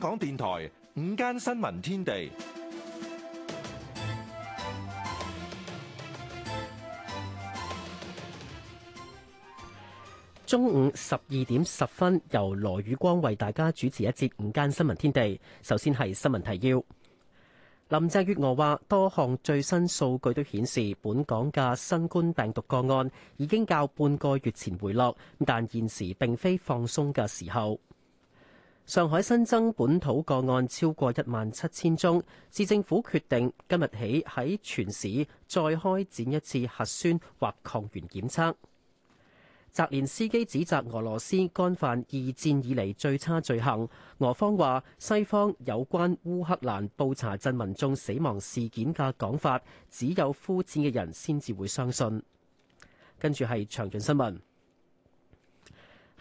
香港電台午間新聞天地，中午十二點十分由羅宇光為大家主持一節午間新聞天地。首先係新聞提要，林鄭月娥話多項最新數據都顯示，本港嘅新冠病毒個案已經較半個月前回落，但現時並非放鬆嘅時候。上海新增本土個案超過一萬七千宗，市政府決定今日起喺全市再開展一次核酸或抗原檢測。澤連斯基指責俄羅斯干犯二戰以嚟最差罪行，俄方話西方有關烏克蘭布查鎮民眾死亡事件嘅講法，只有膚淺嘅人先至會相信。跟住係詳盡新聞。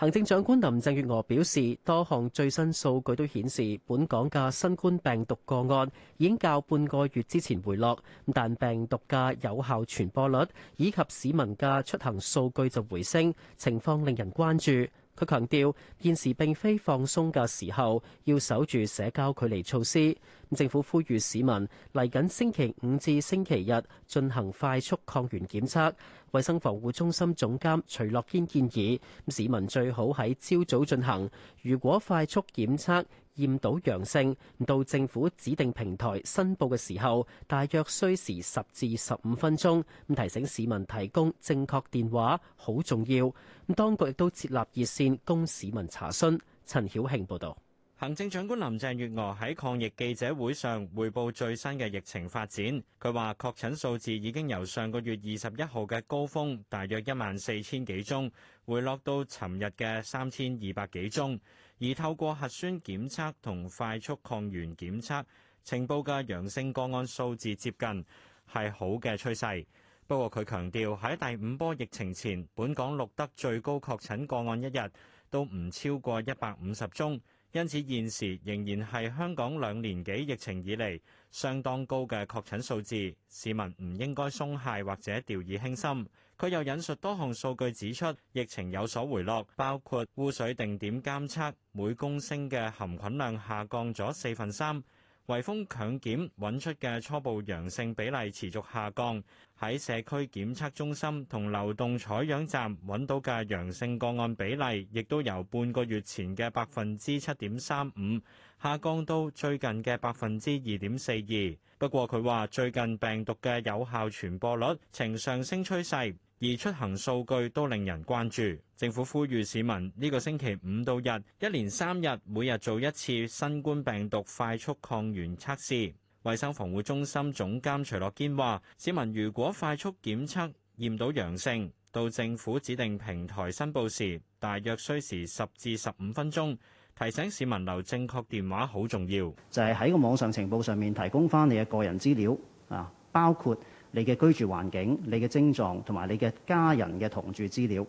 行政長官林鄭月娥表示，多項最新數據都顯示，本港嘅新冠病毒個案已經較半個月之前回落，但病毒嘅有效傳播率以及市民嘅出行數據就回升，情況令人關注。佢強調，現時並非放鬆嘅時候，要守住社交距離措施。政府呼籲市民嚟緊星期五至星期日進行快速抗原檢測。衞生防護中心總監徐樂堅建議，市民最好喺朝早進行。如果快速檢測，驗到陽性，到政府指定平台申報嘅時候，大約需時十至十五分鐘。咁提醒市民提供正確電話，好重要。咁當局亦都設立熱線供市民查詢。陳曉慶報導。行政長官林鄭月娥喺抗疫記者會上匯報最新嘅疫情發展，佢話確診數字已經由上個月二十一號嘅高峰，大約一萬四千幾宗，回落到尋日嘅三千二百幾宗。而透過核酸檢測同快速抗原檢測，呈報嘅陽性個案數字接近，係好嘅趨勢。不過佢強調喺第五波疫情前，本港錄得最高確診個案一日都唔超過一百五十宗，因此現時仍然係香港兩年幾疫情以嚟相當高嘅確診數字。市民唔應該鬆懈或者掉以輕心。佢又引述多項數據指出，疫情有所回落，包括污水定點監測每公升嘅含菌量下降咗四分三，圍封強檢揾出嘅初步陽性比例持續下降。喺社區檢測中心同流動採樣站揾到嘅陽性個案比例，亦都由半個月前嘅百分之七點三五下降到最近嘅百分之二點四二。不過，佢話最近病毒嘅有效傳播率呈上升趨勢。而出行數據都令人關注，政府呼籲市民呢個星期五到日一連三日，每日做一次新冠病毒快速抗原測試。衛生防護中心總監徐樂堅話，市民如果快速檢測驗到陽性，到政府指定平台申報時，大約需時十至十五分鐘。提醒市民留正確電話好重要，就係喺個網上情報上面提供翻你嘅個人資料啊，包括，你嘅居住環境、你嘅症狀同埋你嘅家人嘅同住資料。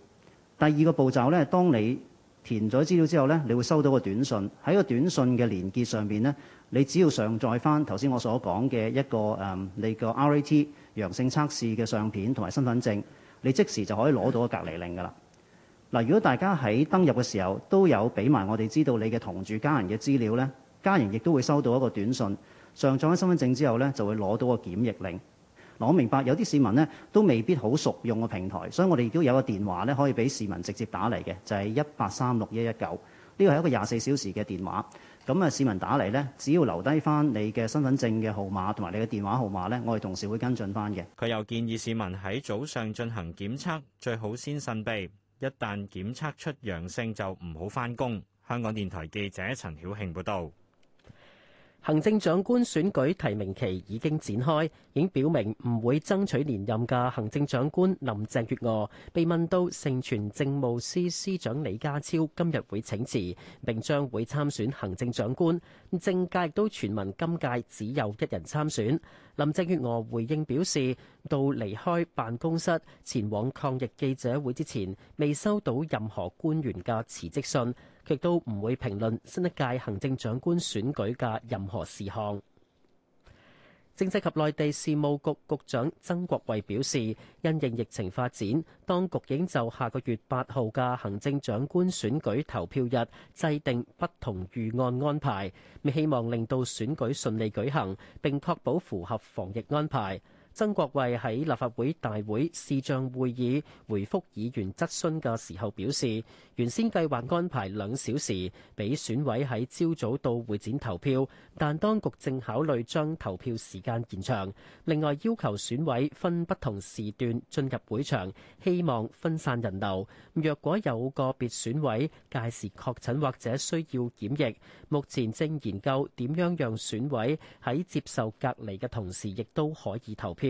第二個步驟呢，當你填咗資料之後呢，你會收到個短信，喺個短信嘅連結上面呢，你只要上載翻頭先我所講嘅一個誒、嗯、你個 RAT 陽性測試嘅相片同埋身份證，你即時就可以攞到個隔離令㗎啦。嗱，如果大家喺登入嘅時候都有俾埋我哋知道你嘅同住家人嘅資料呢，家人亦都會收到一個短信，上載咗身份證之後呢，就會攞到個檢疫令。我明白有啲市民呢都未必好熟用個平台，所以我哋亦都有個電話咧，可以俾市民直接打嚟嘅，就係一八三六一一九。呢個係一個廿四小時嘅電話，咁、嗯、啊，市民打嚟呢，只要留低翻你嘅身份證嘅號碼同埋你嘅電話號碼呢，我哋同事會跟進翻嘅。佢又建議市民喺早上進行檢測，最好先慎備，一旦檢測出陽性，就唔好翻工。香港電台記者陳曉慶報道。行政長官選舉提名期已經展開，已表明唔會爭取連任嘅行政長官林鄭月娥，被問到盛傳政務司司長李家超今日會請辭，並將會參選行政長官，政界亦都傳聞今屆只有一人參選。林鄭月娥回應表示，到離開辦公室前往抗疫記者會之前，未收到任何官員嘅辭職信。亦都唔會評論新一屆行政長官選舉嘅任何事項。政制及內地事務局局長曾國衛表示，因應疫情發展，當局已經就下個月八號嘅行政長官選舉投票日制定不同預案安排，希望令到選舉順利舉行，並確保符合防疫安排。曾國衛喺立法會大會視像會議回覆議員質詢嘅時候表示，原先計劃安排兩小時俾選委喺朝早到會展投票，但當局正考慮將投票時間延長。另外要求選委分不同時段進入會場，希望分散人流。若果有個別選委屆時確診或者需要檢疫，目前正研究點樣讓選委喺接受隔離嘅同時，亦都可以投票。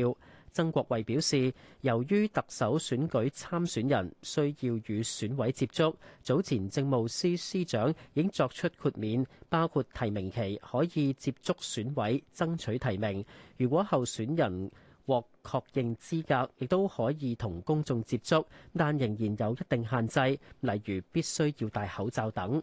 曾國衛表示，由於特首選舉參選人需要與選委接觸，早前政務司司長已作出豁免，包括提名期可以接觸選委爭取提名。如果候選人獲確認資格，亦都可以同公眾接觸，但仍然有一定限制，例如必須要戴口罩等。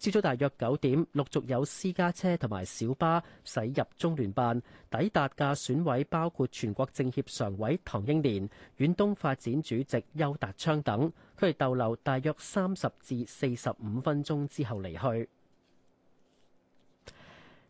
朝早大約九點，陸續有私家車同埋小巴駛入中聯辦，抵達嘅選委包括全國政協常委唐英年、遠東發展主席邱達昌等，佢哋逗留大約三十至四十五分鐘之後離去。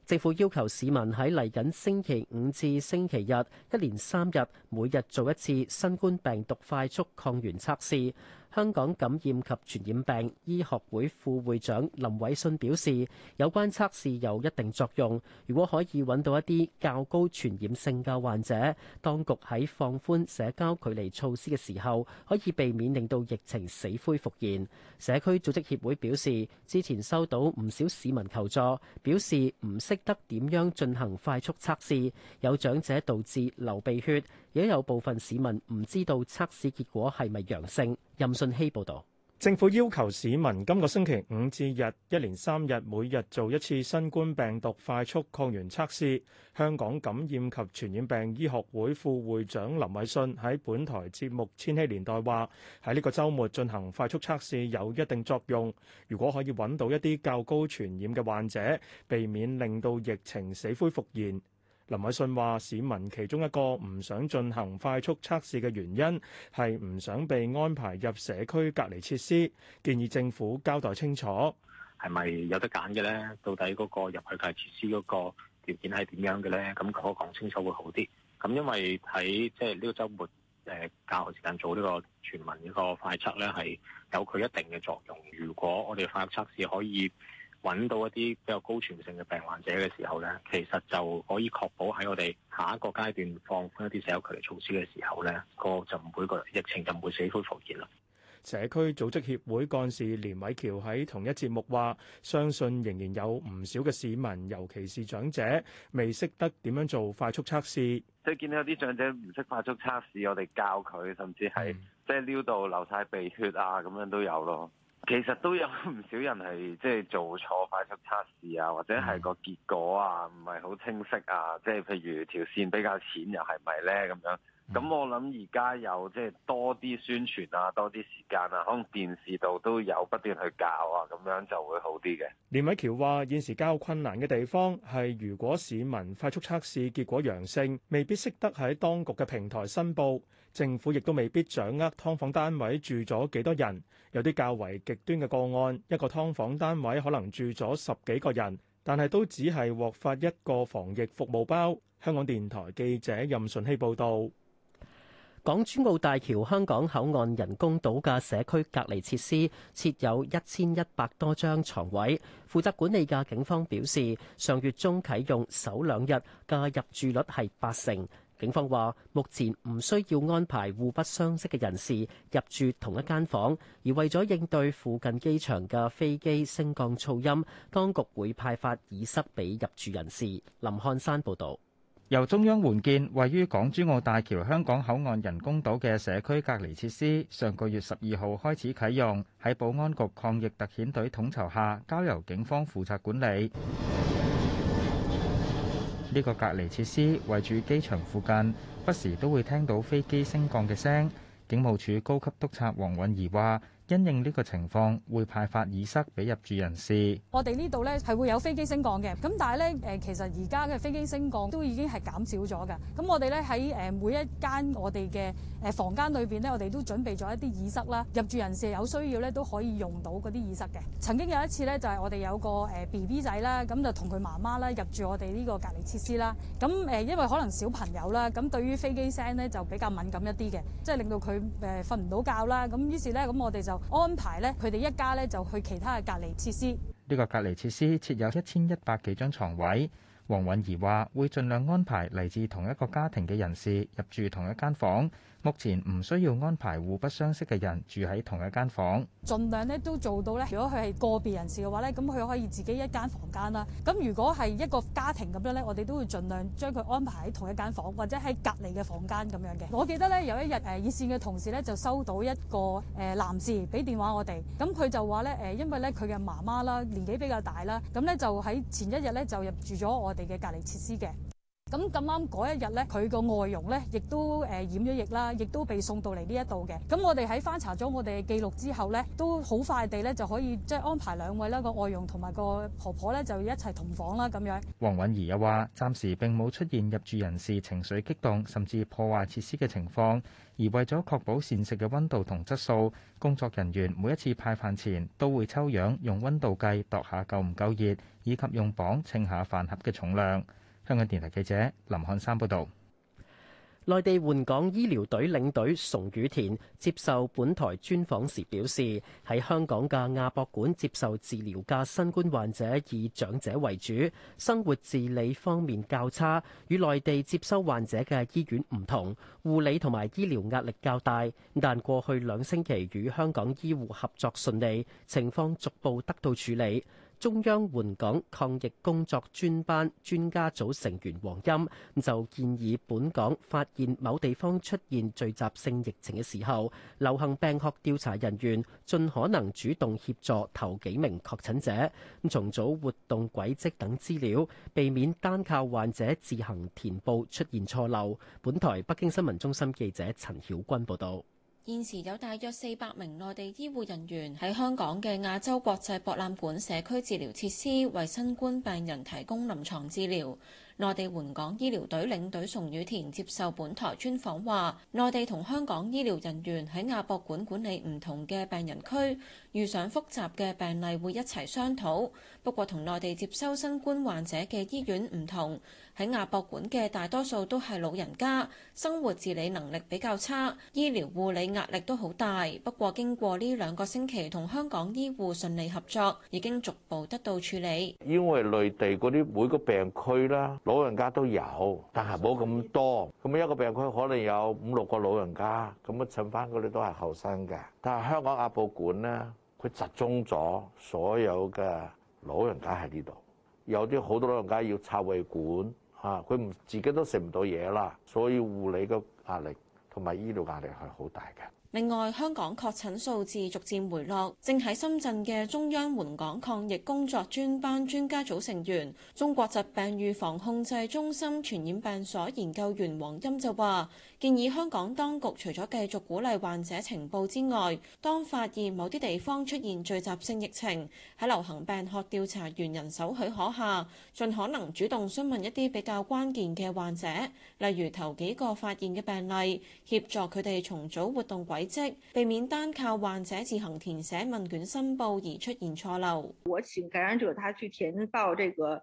政府要求市民喺嚟緊星期五至星期日一連三日，每日做一次新冠病毒快速抗原測試。香港感染及傳染病醫學會副會長林偉信表示，有關測試有一定作用。如果可以揾到一啲較高傳染性嘅患者，當局喺放寬社交距離措施嘅時候，可以避免令到疫情死灰復燃。社區組織協會表示，之前收到唔少市民求助，表示唔識得點樣進行快速測試，有長者導致流鼻血。也有部分市民唔知道測試結果係咪陽性。任信希報導，政府要求市民今個星期五至日一連三日，每日做一次新冠病毒快速抗原測試。香港感染及傳染病醫學會副會長林偉信喺本台節目《千禧年代》話：喺呢個週末進行快速測試有一定作用，如果可以揾到一啲較高傳染嘅患者，避免令到疫情死灰復燃。林偉信話：市民其中一個唔想進行快速測試嘅原因係唔想被安排入社區隔離設施，建議政府交代清楚，係咪有得揀嘅咧？到底嗰個入去隔離設施嗰個條件係點樣嘅咧？咁可講清楚會好啲。咁因為喺即係呢個週末誒教學時間做呢個全民呢個快測咧，係有佢一定嘅作用。如果我哋快速測試可以。揾到一啲比較高傳性嘅病患者嘅時候咧，其實就可以確保喺我哋下一個階段放寬一啲社交距離措施嘅時候咧，個就唔會個疫情就唔會死灰復燃啦。社區組織協會幹事連偉橋喺同一節目話，相信仍然有唔少嘅市民，尤其是長者，未識得點樣做快速測試。即係見到有啲長者唔識快速測試，我哋教佢，甚至係是、嗯、即係撩到流晒鼻血啊，咁樣都有咯。其實都有唔少人係即係做錯快速測試啊，或者係個結果啊唔係好清晰啊，即係譬如條線比較淺又係咪咧咁樣？咁我諗而家有即係多啲宣傳啊，多啲時間啊，可能電視度都有不斷去教啊，咁樣就會好啲嘅。連偉橋話：現時較困難嘅地方係，如果市民快速測試結果陽性，未必識得喺當局嘅平台申報。政府亦都未必掌握劏房單位住咗幾多人，有啲較為極端嘅個案，一個劏房單位可能住咗十幾個人，但係都只係獲發一個防疫服務包。香港電台記者任順希報道。港珠澳大橋香港口岸人工島嘅社區隔離設施設有一千一百多張床位，負責管理嘅警方表示，上月中啟用首兩日嘅入住率係八成。警方話：目前唔需要安排互不相識嘅人士入住同一間房，而為咗應對附近機場嘅飛機升降噪音，當局會派發耳塞俾入住人士。林漢山報導。由中央援建位於港珠澳大橋香港口岸人工島嘅社區隔離設施，上個月十二號開始啟用，喺保安局抗疫特遣隊統籌下，交由警方負責管理。呢個隔離設施位住機場附近，不時都會聽到飛機升降嘅聲，警務處高級督察黃允儀話。因應呢個情況，會派發耳塞俾入住人士。我哋呢度咧係會有飛機升降嘅，咁但係咧誒，其實而家嘅飛機升降都已經係減少咗㗎。咁我哋咧喺誒每一間我哋嘅誒房間裏邊咧，我哋都準備咗一啲耳塞啦。入住人士有需要咧都可以用到嗰啲耳塞嘅。曾經有一次咧，就係我哋有個誒 B B 仔啦，咁就同佢媽媽啦入住我哋呢個隔離設施啦。咁誒因為可能小朋友啦，咁對於飛機聲咧就比較敏感一啲嘅，即係令到佢誒瞓唔到覺啦。咁於是咧咁我哋就安排咧，佢哋一家咧就去其他嘅隔離設施。呢個隔離設施設有一千一百幾張床位。王韻儀話：會盡量安排嚟自同一個家庭嘅人士入住同一間房。目前唔需要安排互不相識嘅人住喺同一間房。盡量咧都做到咧。如果佢係個別人士嘅話咧，咁佢可以自己一間房間啦。咁如果係一個家庭咁樣咧，我哋都會盡量將佢安排喺同一間房，或者喺隔離嘅房間咁樣嘅。我記得咧有一日誒，熱線嘅同事咧就收到一個誒男士俾電話我哋，咁佢就話咧誒，因為咧佢嘅媽媽啦年紀比較大啦，咁咧就喺前一日咧就入住咗我我哋嘅隔離設施嘅。咁咁啱嗰一日呢，佢個外傭呢亦都誒染咗疫啦，亦都被送到嚟呢一度嘅。咁我哋喺翻查咗我哋記錄之後呢，都好快地呢就可以即係安排兩位啦，個外傭同埋個婆婆呢，就一齊同房啦咁樣。黃韻儀又話：暫時並冇出現入住人士情緒激動甚至破壞設施嘅情況，而為咗確保膳食嘅温度同質素，工作人員每一次派飯前都會抽樣用温度計度下夠唔夠熱，以及用磅稱下飯盒嘅重量。香港電台記者林漢山報道，內地援港醫療隊領隊崇雨田接受本台專訪時表示，喺香港嘅亞博館接受治療嘅新冠患者以長者為主，生活自理方面較差，與內地接收患者嘅醫院唔同，護理同埋醫療壓力較大。但過去兩星期與香港醫護合作順利，情況逐步得到處理。中央援港抗疫工作專班專家組成員黃欽就建議本港發現某地方出現聚集性疫情嘅時候，流行病學調查人員盡可能主動協助頭幾名確診者，重組活動軌跡等資料，避免單靠患者自行填報出現錯漏。本台北京新聞中心記者陳曉君報道。現時有大約四百名內地醫護人員喺香港嘅亞洲國際博覽館社區治療設施為新冠病人提供臨床治療。內地援港醫療隊領隊崇雨田接受本台專訪話，內地同香港醫療人員喺亞博館管理唔同嘅病人區。遇上複雜嘅病例會一齊商討，不過同內地接收新冠患者嘅醫院唔同，喺亞博館嘅大多數都係老人家，生活自理能力比較差，醫療護理壓力都好大。不過經過呢兩個星期同香港醫護順利合作，已經逐步得到處理。因為內地嗰啲每個病區啦，老人家都有，但係冇咁多。咁一個病區可能有五六個老人家，咁啊剩翻嗰啲都係後生嘅。但係香港亞博館呢。佢集中咗所有嘅老人家喺呢度，有啲好多老人家要插胃管，嚇，佢唔自己都食唔到嘢啦，所以護理嘅壓力同埋醫療壓力係好大嘅。另外，香港確診數字逐漸回落。正喺深圳嘅中央援港抗疫工作專班專家組成員、中國疾病預防控制中心傳染病所研究員黃鑫就話：建議香港當局除咗繼續鼓勵患者呈報之外，當發現某啲地方出現聚集性疫情，喺流行病學調查員人手許可下，盡可能主動詢問一啲比較關鍵嘅患者，例如頭幾個發現嘅病例，協助佢哋重組活動軌。即避免單靠患者自行填寫問卷申報而出現錯漏。我請感染者他去填報這個，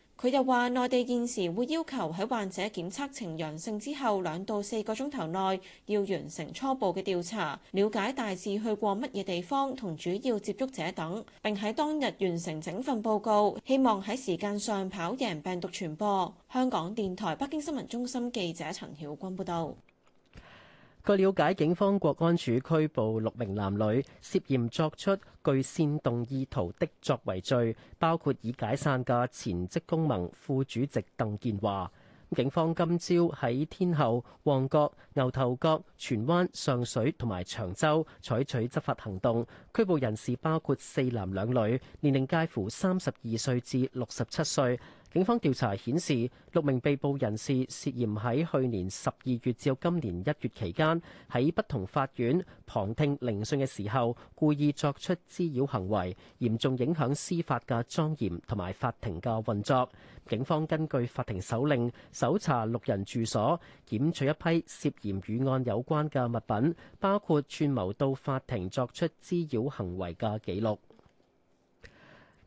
佢又話：內地現時會要求喺患者檢測呈陽性之後兩到四個鐘頭內要完成初步嘅調查，了解大致去過乜嘢地方同主要接觸者等，並喺當日完成整份報告，希望喺時間上跑贏病毒傳播。香港電台北京新聞中心記者陳曉君報導。據了解，警方國安處拘捕六名男女，涉嫌作出具煽動意圖的作為罪，包括已解散嘅前職工盟副主席鄧建華。警方今朝喺天后、旺角、牛頭角、荃灣、上水同埋長洲採取執法行動，拘捕人士包括四男兩女，年齡介乎三十二歲至六十七歲。警方調查顯示，六名被捕人士涉嫌喺去年十二月至今年一月期間，喺不同法院旁聽聆訊嘅時候，故意作出滋擾行為，嚴重影響司法嘅莊嚴同埋法庭嘅運作。警方根據法庭手令，搜查六人住所，檢取一批涉嫌與案有關嘅物品，包括串謀到法庭作出滋擾行為嘅記錄。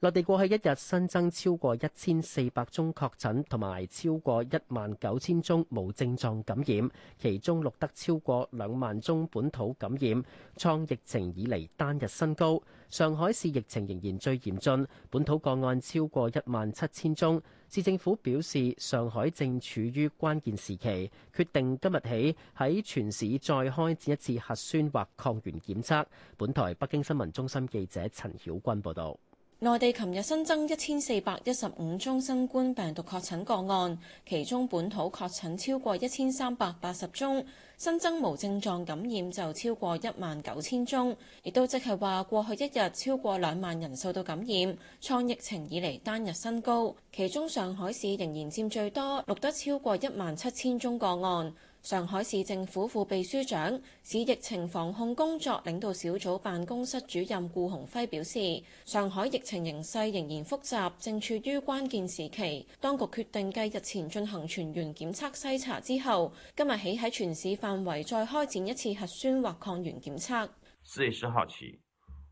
內地過去一日新增超過一千四百宗確診，同埋超過一萬九千宗無症狀感染，其中錄得超過兩萬宗本土感染，創疫情以嚟單日新高。上海市疫情仍然最嚴峻，本土個案超過一萬七千宗。市政府表示，上海正處於關鍵時期，決定今日起喺全市再開展一次核酸或抗原檢測。本台北京新聞中心記者陳曉君報道。內地琴日新增一千四百一十五宗新冠病毒確診個案，其中本土確診超過一千三百八十宗，新增無症狀感染就超過一萬九千宗，亦都即係話過去一日超過兩萬人受到感染，創疫情以嚟單日新高。其中上海市仍然佔最多，錄得超過一萬七千宗個案。上海市政府副秘書長、市疫情防控工作領導小組辦公室主任顧鴻輝表示，上海疫情形勢仍然複雜，正處於關鍵時期。當局決定繼日前進行全員檢測篩查之後，今日起喺全市範圍再開展一次核酸或抗原檢測。四月十號起，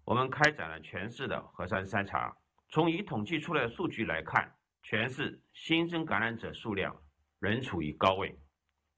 我們開展了全市的核酸篩查，從已統計出來的數據來看，全市新增感染者數量仍處於高位。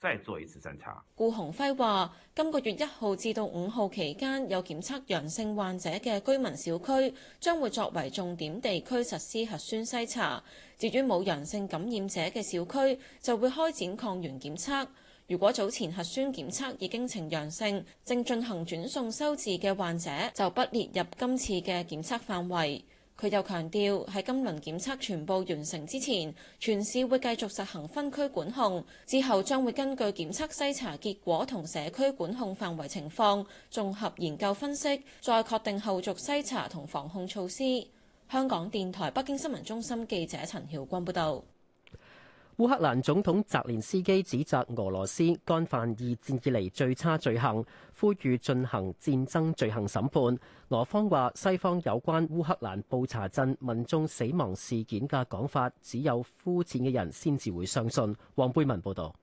再做一次篩查。顧鴻輝話，今個月一號至到五號期間有檢測陽性患者嘅居民小區，將會作為重點地區實施核酸篩查。至於冇陽性感染者嘅小區，就會開展抗原檢測。如果早前核酸檢測已經呈陽性，正進行轉送收治嘅患者，就不列入今次嘅檢測範圍。佢又強調，喺今輪檢測全部完成之前，全市會繼續實行分區管控，之後將會根據檢測篩查結果同社區管控範圍情況，綜合研究分析，再確定後續篩查同防控措施。香港電台北京新聞中心記者陳曉光報導。烏克蘭總統澤連斯基指責俄羅斯干犯二戰以嚟最差罪行，呼籲進行戰爭罪行審判。俄方話，西方有關烏克蘭布查鎮民眾死亡事件嘅講法，只有膚淺嘅人先至會相信。黃貝文報道。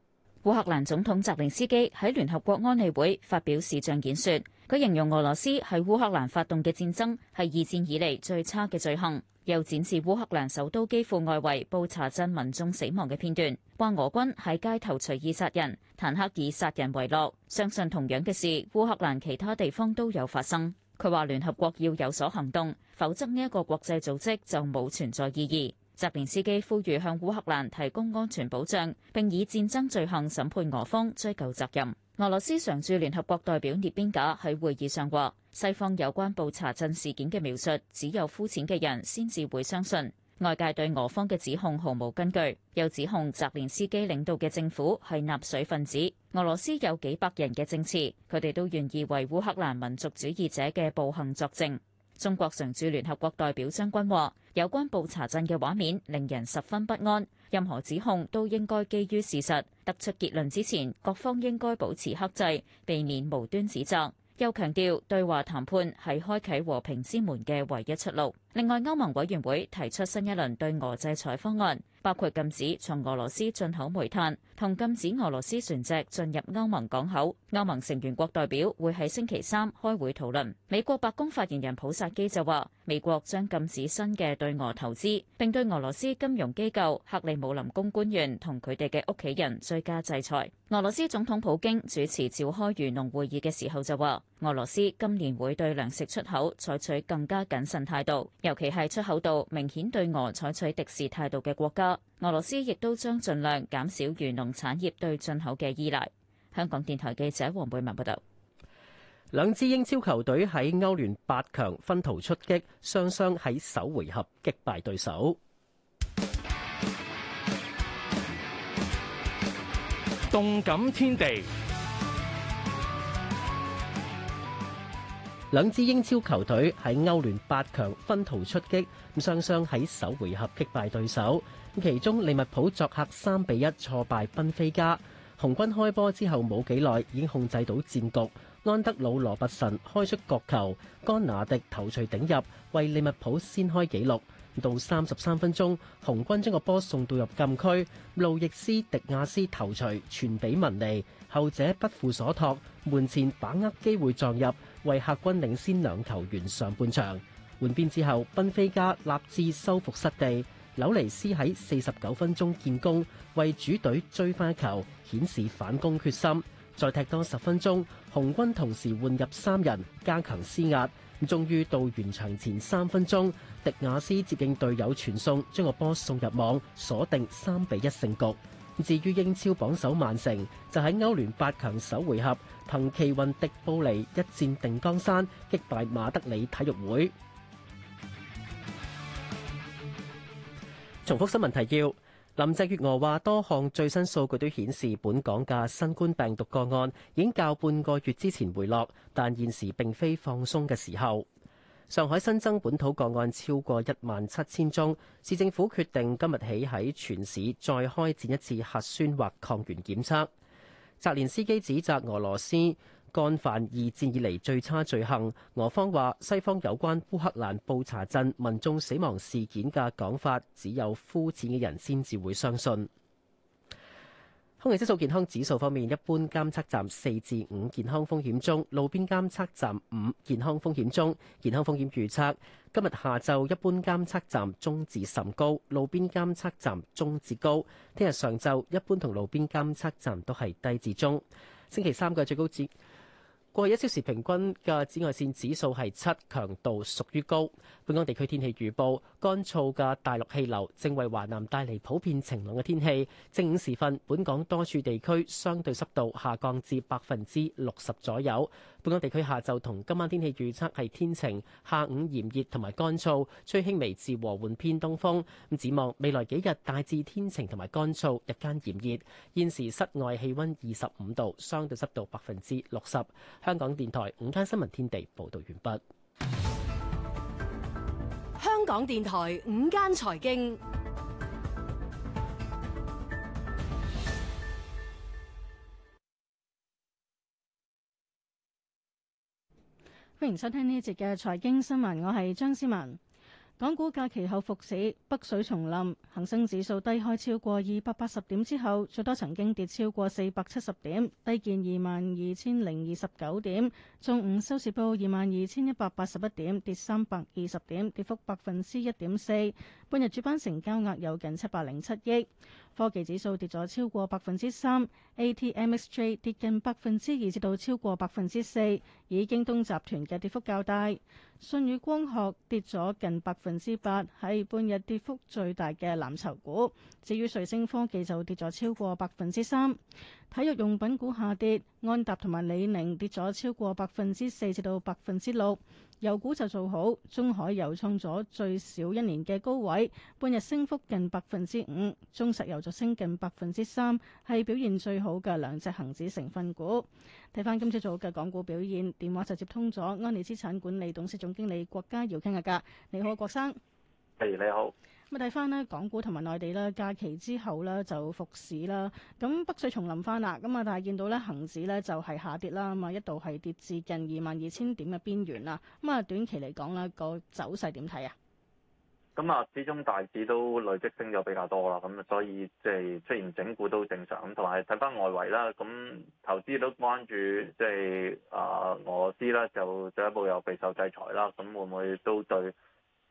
烏克蘭總統澤連斯基喺聯合國安理會發表視像演說，佢形容俄羅斯喺烏克蘭發動嘅戰爭係二戰以嚟最差嘅罪行，又展示烏克蘭首都基輔外圍布查鎮民眾死亡嘅片段，話俄軍喺街頭隨意殺人，坦克以殺人為樂，相信同樣嘅事烏克蘭其他地方都有發生。佢話聯合國要有所行動，否則呢一個國際組織就冇存在意義。澤連斯基呼籲向烏克蘭提供安全保障，並以戰爭罪行審判俄方，追究責任。俄羅斯常駐聯合國代表聶邊格喺會議上話：西方有關布查鎮事件嘅描述，只有膚淺嘅人先至會相信。外界對俄方嘅指控毫無根據，又指控澤連斯基領導嘅政府係納粹分子。俄羅斯有幾百人嘅證詞，佢哋都願意為烏克蘭民族主義者嘅暴行作證。中國常駐聯合國代表張軍話：有關布查鎮嘅畫面令人十分不安，任何指控都應該基於事實，得出結論之前，各方應該保持克制，避免無端指責。又強調，對話談判係開啟和平之門嘅唯一出路。另外，歐盟委員會提出新一輪對俄制裁方案，包括禁止從俄羅斯進口煤炭，同禁止俄羅斯船隻進入歐盟港口。歐盟成員國代表會喺星期三開會討論。美國白宮發言人普薩基就話，美國將禁止新嘅對俄投資，並對俄羅斯金融機構、克里姆林宮官員同佢哋嘅屋企人追加制裁。俄羅斯總統普京主持召開漁農會議嘅時候就話，俄羅斯今年會對糧食出口採取更加謹慎態度。尤其係出口到明顯對俄採取敵視態度嘅國家，俄羅斯亦都將盡量減少漁農產業對進口嘅依賴。香港電台記者黃貝文報道。兩支英超球隊喺歐聯八強分途出擊，雙雙喺首回合擊敗對手。動感天地。兩支英超球隊喺歐聯八強分途出擊，咁雙雙喺首回合擊敗對手。其中利物浦作客三比一挫敗賓菲加，紅軍開波之後冇幾耐已經控制到戰局。安德魯羅拔臣開出角球，甘拿迪頭槌頂入，為利物浦先開紀錄。到三十三分鐘，紅軍將個波送到入禁區，路易斯迪亞斯頭槌傳俾文尼，後者不負所託，門前把握機會撞入。為客軍領先兩球完上半場，換邊之後，賓菲加立志收復失地。紐尼斯喺四十九分鐘建功，為主隊追翻一球，顯示反攻決心。再踢多十分鐘，紅軍同時換入三人加強施壓，咁終於到完場前三分鐘，迪亞斯接應隊友傳送，將個波送入網，鎖定三比一勝局。至於英超榜首曼城，就喺歐聯八強首回合憑奇運迪布尼一戰定江山，擊敗馬德里體育會。 重複新聞提要：林鄭月娥話，多項最新數據都顯示，本港嘅新冠病毒個案已經較半個月之前回落，但現時並非放鬆嘅時候。上海新增本土個案超過一萬七千宗，市政府決定今日起喺全市再開展一次核酸或抗原檢測。澤連斯基指責俄羅斯干犯二戰以嚟最差罪行，俄方話西方有關烏克蘭布查鎮民眾死亡事件嘅講法，只有膚淺嘅人先至會相信。空氣質素健康指數方面，一般監測站四至五健康風險中，路邊監測站五健康風險中，健康風險預測今日下晝一般監測站中至甚高，路邊監測站中至高。聽日上晝一般同路邊監測站都係低至中。星期三嘅最高值。過去一小時平均嘅紫外線指數係七，強度屬於高。本港地區天氣預報，乾燥嘅大陸氣流正為華南帶嚟普遍晴朗嘅天氣。正午時分，本港多處地區相對濕度下降至百分之六十左右。本港地區下晝同今晚天氣預測係天晴，下午炎熱同埋乾燥，吹輕微至和緩偏東風。咁展望未來幾日大致天晴同埋乾燥，日間炎熱。現時室外氣温二十五度，相對濕度百分之六十。香港電台午間新聞天地報道完畢。香港電台午間財經。歡迎收聽呢一節嘅財經新聞，我係張思文。港股假期後復市，北水重臨，恒生指數低開超過二百八十點之後，最多曾經跌超過四百七十點，低見二萬二千零二十九點。中午收市報二萬二千一百八十一點，跌三百二十點，跌幅百分之一點四。半日主板成交額有近七百零七億。科技指數跌咗超過百分之三，ATMXJ 跌近百分之二，至到超過百分之四，以京東集團嘅跌幅較大。信宇光學跌咗近百分之八，係半日跌幅最大嘅藍籌股。至於瑞星科技就跌咗超過百分之三。體育用品股下跌，安踏同埋李寧跌咗超過百分之四至到百分之六。油股就做好，中海油創咗最少一年嘅高位，半日升幅近百分之五。中石油就升近百分之三，係表現最好嘅兩隻恒指成分股。睇翻今朝早嘅港股表現，電話就接通咗安利資產管理董事總經理郭家耀傾吓偈。你好，郭生。Hey, 你好。咁睇翻呢港股同埋內地咧，假期之後咧就復市啦。咁北水重臨翻啦。咁啊，但係見到咧，恒指咧就係下跌啦。咁啊，一度係跌至近二萬二千點嘅邊緣啦。咁啊，短期嚟講咧，個走勢點睇啊？咁啊，始終大市都累積升咗比較多啦。咁啊，所以即係出現整固都正常。咁同埋睇翻外圍啦。咁投資都關注，即係啊，俄羅斯啦，就進一步有備受制裁啦。咁會唔會都對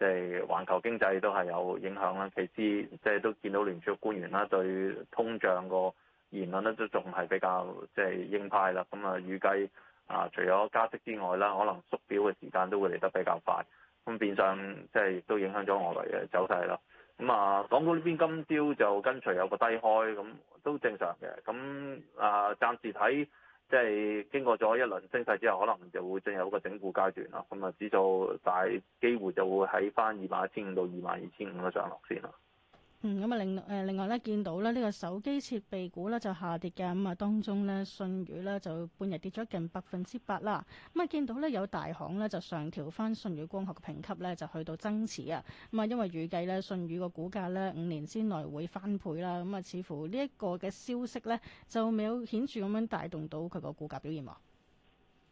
即係環球經濟都係有影響啦，其次即係都見到聯儲官員啦，對通脹個言論咧都仲係比較即係鷹派啦。咁啊，預計啊，除咗加息之外啦，可能縮表嘅時間都會嚟得比較快。咁變相即係都影響咗外圍嘅走勢啦。咁啊，港股呢邊今朝就跟隨有個低開，咁都正常嘅。咁啊，暫時睇。即係經過咗一輪升勢，勢之後，可能就會進入一個整固階段啦。咁啊，指數大機會就會喺返二萬一千五到二萬二千五嘅上落線啦。嗯，咁啊，另誒，另外咧，見到咧，呢個手機設備股咧就下跌嘅，咁、嗯、啊，當中咧，信宇咧就半日跌咗近百分之八啦。咁啊、嗯，見到咧有大行咧就上調翻信宇光學嘅評級咧，就去到增持啊。咁、嗯、啊，因為預計咧信宇個股價咧五年之內會翻倍啦。咁、嗯、啊，似乎呢一個嘅消息咧就未有顯著咁樣帶動到佢個股價表現喎。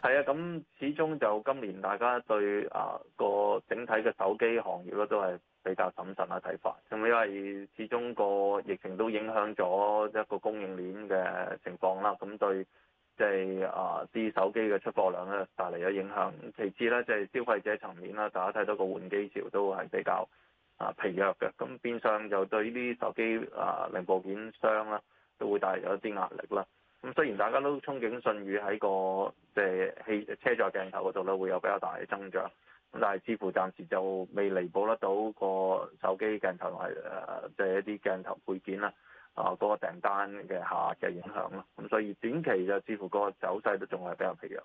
係啊，咁始終就今年大家對啊個整體嘅手機行業咧都係比較審慎啊睇法，咁因為始終個疫情都影響咗一個供應鏈嘅情況啦，咁對即係、就是、啊啲手機嘅出貨量咧帶嚟咗影響。其次咧，即、就、係、是、消費者層面啦，大家睇到個換機潮都係比較啊疲弱嘅，咁變相就對呢啲手機啊零部件商啦都會帶有一啲壓力啦。咁雖然大家都憧憬信譽喺、那個即係汽車載鏡頭嗰度咧會有比較大嘅增長。但係，似乎暫時就未彌補得到個手機鏡頭係誒，即、呃、係、就是、一啲鏡頭配件啦啊嗰、那個訂單嘅下嘅影響咯。咁、啊、所以短期就似乎個走勢都仲係比較疲弱。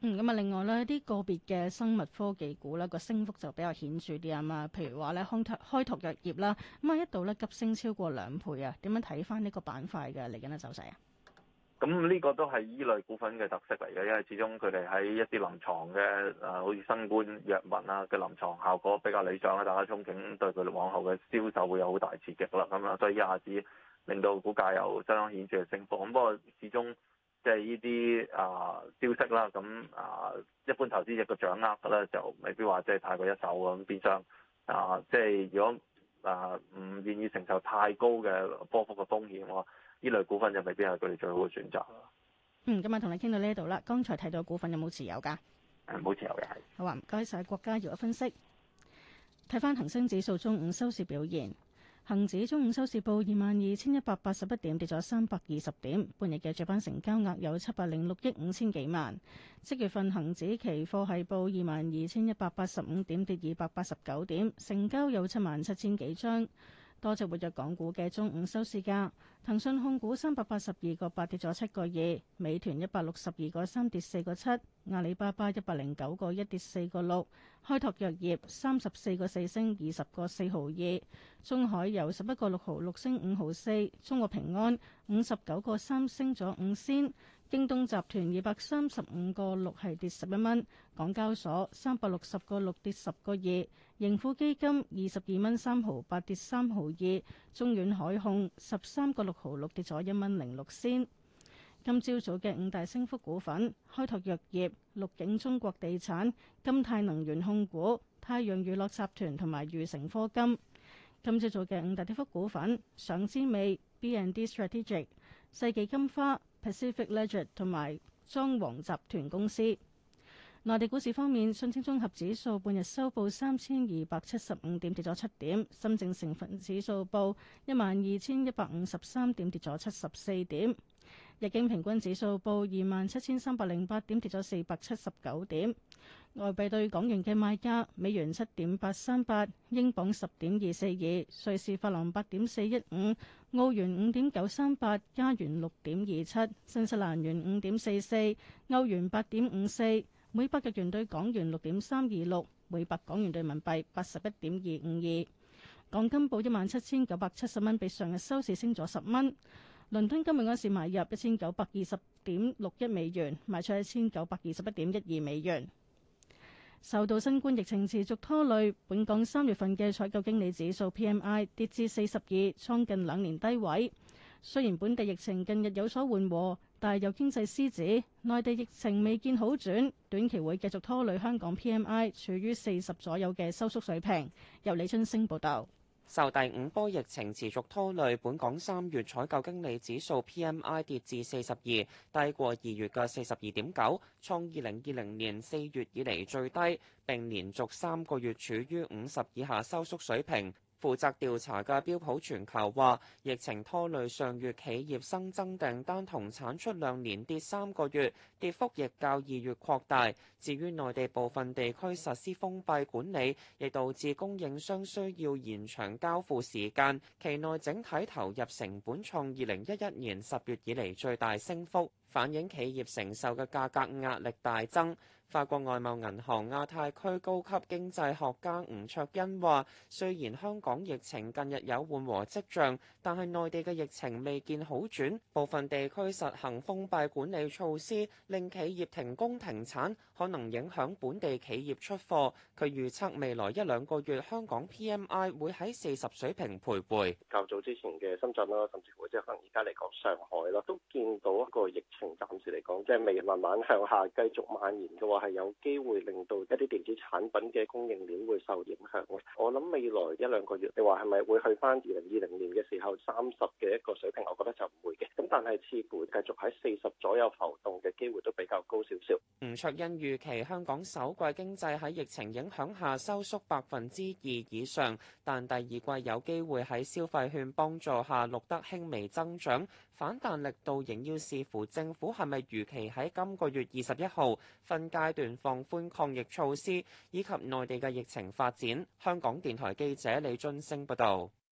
嗯，咁啊，另外呢啲個別嘅生物科技股咧、那個升幅就比較顯著啲啊嘛。譬如話咧，康泰、開拓藥業啦，咁啊一度咧急升超過兩倍啊。點樣睇返呢個板塊嘅嚟緊嘅走勢啊？咁呢個都係依類股份嘅特色嚟嘅，因為始終佢哋喺一啲臨床嘅啊，好、呃、似新冠藥物啊嘅臨床效果比較理想啦，大家憧憬對佢哋往後嘅銷售會有好大刺激啦，咁啊，所以一下子令到股價又相當顯著嘅升幅。咁不過始終即係呢啲啊消息啦，咁啊、呃、一般投資者嘅掌握咧就未必話即係太過一手咁，變相啊即係如果啊唔、呃、願意承受太高嘅波幅嘅風險。呢類股份又未必係佢哋最好嘅選擇。嗯，今日同你傾到呢度啦。剛才提到股份有冇持有㗎？冇、嗯、持有嘅。好啊，唔該晒。國家搖嘅分析。睇翻恒生指數中午收市表現，恒指中午收市報二萬二千一百八十一點，跌咗三百二十點。半日嘅主板成交額有七百零六億五千幾萬。七月份恒指期貨係報二萬二千一百八十五點，跌二百八十九點，成交有七萬七千幾張。多隻活躍港股嘅中午收市價，騰訊控股三百八十二個八跌咗七個二，美團一百六十二個三跌四個七，阿里巴巴一百零九個一跌四個六，開拓藥業三十四個四升二十個四毫二，中海油十一個六毫六升五毫四，中國平安五十九個三升咗五仙，京東集團二百三十五個六係跌十一蚊，港交所三百六十個六跌十個二。盈富基金二十二蚊三毫八跌三毫二，中遠海控十三個六毫六跌咗一蚊零六仙。今朝早嘅五大升幅股份：開拓藥業、綠景中國地產、金泰能源控股、太陽娛樂集團同埋裕成科金。今朝早嘅五大跌幅股份：上之美、BND Strategic、世紀金花、Pacific Legend 同埋莊皇集團公司。內地股市方面，上證綜合指數半日收報三千二百七十五點，跌咗七點；深圳成分指數報一萬二千一百五十三點，跌咗七十四點；日經平均指數報二萬七千三百零八點，跌咗四百七十九點。外幣對港元嘅賣家：美元七點八三八，英鎊十點二四二，瑞士法郎八點四一五，澳元五點九三八，加元六點二七，新西蘭元五點四四，歐元八點五四。每百日元兌港元六點三二六，每百港元兌人民幣八十一點二五二。港金報一萬七千九百七十蚊，比上日收市升咗十蚊。倫敦金每盎司買入一千九百二十點六一美元，賣出一千九百二十一點一二美元。受到新冠疫情持續拖累，本港三月份嘅採購經理指數 PMI 跌至四十二，創近兩年低位。雖然本地疫情近日有所緩和，但係有經濟師指，內地疫情未見好轉，短期會繼續拖累香港 PMI，處於四十左右嘅收縮水平。由李春星報導，受第五波疫情持續拖累，本港三月採購經理指數 PMI 跌至四十二，低過二月嘅四十二點九，創二零二零年四月以嚟最低，並連續三個月處於五十以下收縮水平。負責調查嘅標普全球話，疫情拖累上月企業新增訂單同產出量連跌三個月，跌幅亦較二月擴大。至於內地部分地區實施封閉管理，亦導致供應商需要延長交付時間，期內整體投入成本創二零一一年十月以嚟最大升幅，反映企業承受嘅價格壓力大增。法國外貿銀行亞太區高級經濟學家吳卓恩話，雖然香港疫情近日有緩和跡象，但係內地嘅疫情未見好轉，部分地區實行封閉管理措施，令企業停工停產。可能影響本地企業出貨。佢預測未來一兩個月香港 PMI 會喺四十水平徘徊。較早之前嘅深圳啦，甚至乎即係可能而家嚟講上海啦，都見到一個疫情暫時嚟講即係未慢慢向下繼續蔓延嘅話，係有機會令到一啲電子產品嘅供應鏈會受影響。我諗未來一兩個月，你話係咪會去翻二零二零年嘅時候三十嘅一個水平？我覺得就唔會嘅。咁但係似乎繼續喺四十左右浮動嘅機會都比較高少少。吳卓欣與預期香港首季經濟喺疫情影響下收縮百分之二以上，但第二季有機會喺消費券幫助下錄得輕微增長，反彈力度仍要視乎政府係咪如期喺今個月二十一號分階段放寬抗疫措施，以及內地嘅疫情發展。香港電台記者李俊升報道。